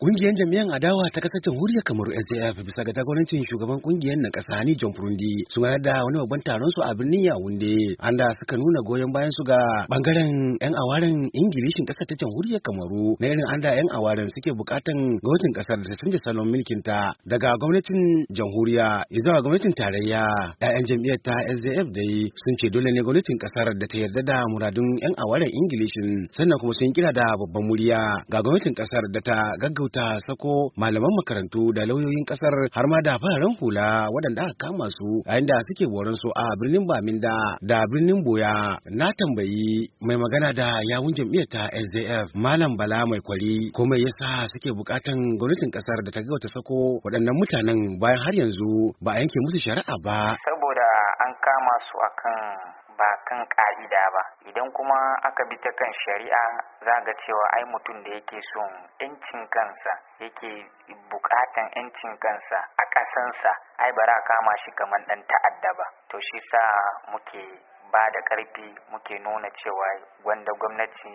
Kungiyar jami'an adawa ta kasar jamhuriyar Kamaru SJF bisa ga jagorancin shugaban kungiyar na ƙasa ni John Furundi sun da wani babban taron su a birnin Yaounde anda suka nuna goyon bayan su ga bangaren yan awaren Ingilishin ƙasar ta jamhuriyar Kamaru na irin anda yan awaren suke buƙatan gwamnatin ƙasar da ta canja salon mulkin ta daga gwamnatin jamhuriya zuwa gwamnatin tarayya. Ƴaƴan jami'ar ta SJF dai sun ce dole ne gwamnatin ƙasar da ta yarda da muradun yan awaren Ingilishin sannan kuma sun kira da babban murya ga gwamnatin kasar da ta gaggauta ta sako malaman makarantu da lauyoyin kasar har ma da fararen hula waɗanda aka kama su yayin da suke boron su a birnin Baminda da birnin Boya na tambayi mai magana da yawun jam'iyyar ta SDF Malam Bala Mai Kwari ko mai yasa suke bukatan gwamnatin kasar da ta ga ta sako waɗannan mutanen bayan har yanzu ba a yanke musu shari'a ba. ba kan ƙa'ida ba idan kuma aka bi ta kan shari'a za ga cewa ai mutum da yake son yancin kansa yake buƙatan yancin kansa a ƙasansa ai bara kama shi kamar ɗan ta'adda ba to shi sa muke ba da ƙarfi muke nuna cewa wanda gwamnati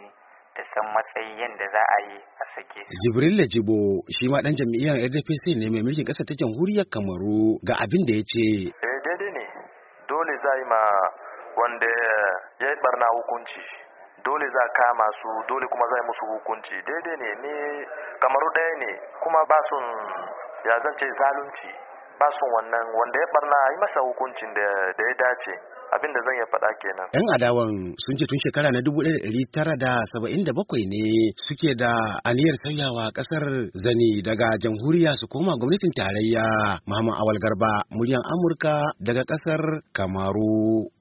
da san matsayi yadda za a yi a sake su. Jibril Jibo shi ma dan jam'iyyar RDPC ne mai mulkin ƙasar ta jamhuriyar Kamaru ga abin da ya ce. Eh daidai ne dole za yi ma wanda ya yi barna hukunci dole za kama su dole kuma za musu hukunci daidai ne ne kamaru ɗaya ne kuma ba sun ya zance zalunci ba sun wannan wanda ya barna yi masa hukuncin da ya dace abin da zan ya faɗa kenan. Yan adawan sun ce tun shekara na dubu da da ne suke da aniyar sanyawa ƙasar zani daga jamhuriya su koma gwamnatin tarayya Muhammad Awal Garba muryan Amurka daga ƙasar Kamaru.